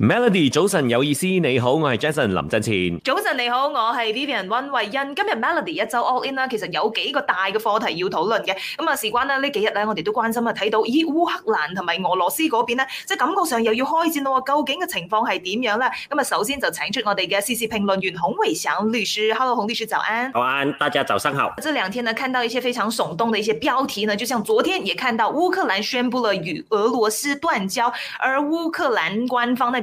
Melody，早晨有意思，你好，我係 Jason 林振前。早晨你好，我係 Vivian 溫慧欣。今日 Melody 一周 all in 啦，其實有幾個大嘅課題要討論嘅。咁啊，事關呢呢幾日咧，我哋都關心啊，睇到咦烏克蘭同埋俄羅斯嗰邊咧，即係感覺上又要開戰咯。究竟嘅情況係點樣咧？咁啊，首先就請出我哋嘅 C C 評論員孔維祥律師。Hello，孔律師早安。早安，大家早上好。這兩天呢，看到一些非常聳動嘅一些標題呢，就像昨天也看到烏克蘭宣布了與俄羅斯斷交，而烏克蘭官方呢？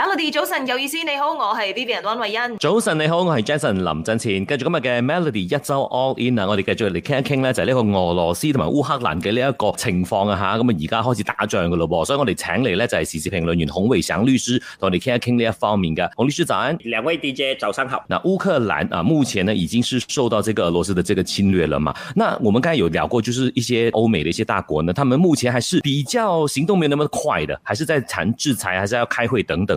Melody 早晨，有意思，你好，我係 Vivian 溫慧欣。早晨你好，我係 Jason 林振前。繼續今日嘅 Melody 一周 All In 啊，我哋繼續嚟傾一傾咧，就係呢個俄羅斯同埋烏克蘭嘅呢一個情況啊吓，咁啊而家開始打仗噶咯噃，所以我哋請嚟咧就係時事評論員洪偉祥律師同我哋傾一傾呢一方面嘅。洪律師早安，兩位 DJ 早上好。那烏克蘭啊，目前呢已經是受到這個俄羅斯的這個侵略了嘛？那我們剛才有聊過，就是一些歐美的一些大國呢，他們目前還是比較行動沒有那麼快的，還是在談制裁，還是要開會等等。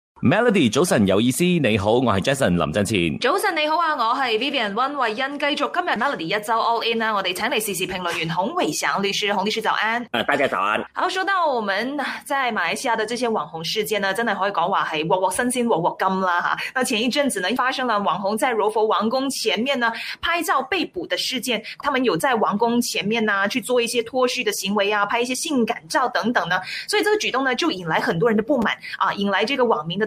Melody，早晨有意思，你好，我係 Jason 林振前。早晨你好啊，我係 Vivian 溫慧欣。繼續今日 Melody 一周 all in 啦，我哋請嚟時事評論員洪偉祥律師，洪律師早安。誒，大家早安。好，說到我們在馬來西亞的這些網紅事件呢，真係可以講話係鑊鑊新鮮鑊鑊金啦吓。那前一陣子呢，發生了網紅在柔佛王宮前面呢拍照被捕的事件，他們有在王宮前面呢去做一些脫序的行為啊，拍一些性感照等等呢，所以這個舉動呢就引來很多人的不滿啊，引來這個網民的。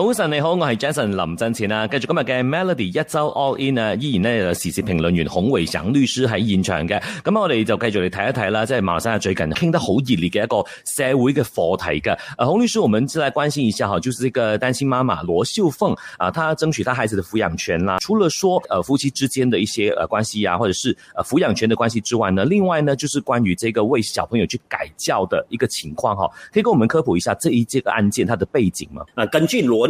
早晨，你、哦、好，我是 Jason 林振前啊。繼續今日嘅 Melody 一周 All In 啊，依然咧就時事評論員洪偉祥律師喺現場嘅。咁我哋就繼續嚟睇一睇啦，即係馬來西亞最近傾得好熱烈嘅一個社會嘅課題噶。阿、呃、洪律師，我們再來關心一下哈，就是這個單親媽媽羅秀鳳啊，她爭取她孩子的撫養權啦、啊。除了說，呃夫妻之間的一些呃關係啊，或者是呃撫養權的關係之外呢，另外呢，就是關於這個為小朋友去改教的一個情況哈、啊，可以跟我們科普一下這一這個案件它的背景嗎？啊，根據羅。